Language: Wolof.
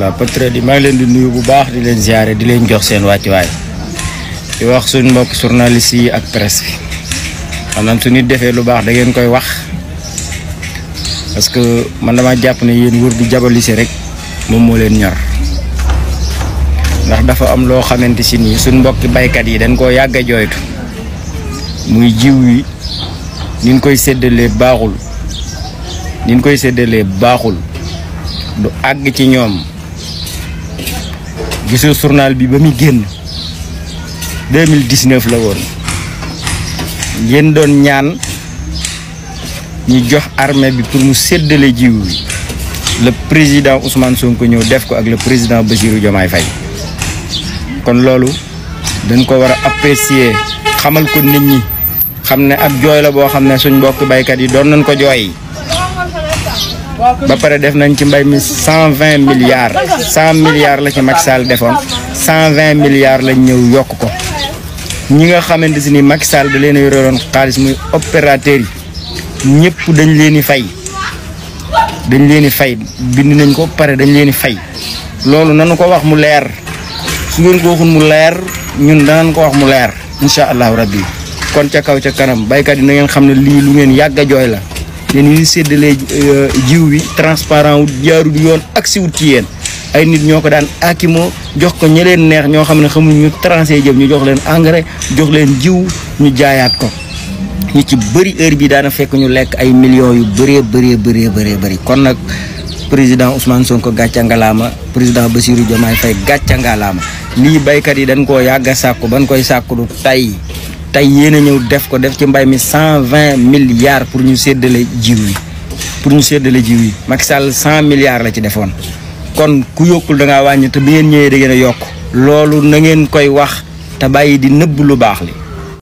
la patriote di maa ngi di nuyu bu baax di len ziaré di len jox wati way di wax suñ mbokk journaliste yi ak presse bi maanaam su nit mana lu baax da ngeen koy wax parce que man dama japp né yeen wër di ci rek mom mo len ñor ndax dafa am lo xamante ci ni suñ mbokki baykat yi dañ ko yàgg joytu muy jiw wi nin koy sédélé baaxul nin koy sédélé baaxul du ag ci ñom gisoo journal bi ba génn 2019 la woon ngeen doon ñaan ñu jox armée bi pour mu séddale jiw le président Ousmane Sonko ñëw def ko ak le président Bassirou Diomaye Faye kon loolu dañ ko war apprécier xamal ko nit ñi xam ne ab jooy la boo xam ne mbokk baykat yi doon nañ ko ba pare def nañ ci mbay mi cent vingt milliards cent milliards la ci Macky Sall defoon cent vingt milliards lañ ñëw yokk ko ñi nga xamante si ni Macky da leen a yore woon xaalis muy opérateurs yi ñëpp dañ leen di fay dañ leen di fay bind nañ ko pare dañ leen di fay loolu nanu ko wax mu leer su ngeen ko waxul mu leer ñun danañ ko wax mu leer incha allahu rabbi kon ca kaw ca kanam baykat yi na ngeen xam ne lii lu ngeen yàgg a jooy la. yéen yi séddalee euh, jiw wi transparent wu jaarul yoon ak siwut ci yeen ay nit ñoko daan akimo jox ko ñeleen neex ño xamne xamu ñu beri jëm ñu jox leen engrais jox leen jiw ñu jaayaat ko ñi ci bëri heure bi daana fekk ñu lek ay millions yu bëree bëree bëree bëree bëri kon nak président Ousmane Sonko gatcha ngalama président Bassirou Diomaye fay gatcha ngalama li baykat yi dañ ko yagga sakku ban koy sakku tay tey yéen a ñëw def ko def ci mbay mi cent vingt milliards pour ñu séddale jiw yi pour ñu séddale jiw yi Macky Sall cent milliards la ci defoon kon ku yokkul da ngaa wàññi te bi ngeen ñëwee da ngeen a yokk loolu na ngeen koy wax te bàyyi di nëbb lu baax li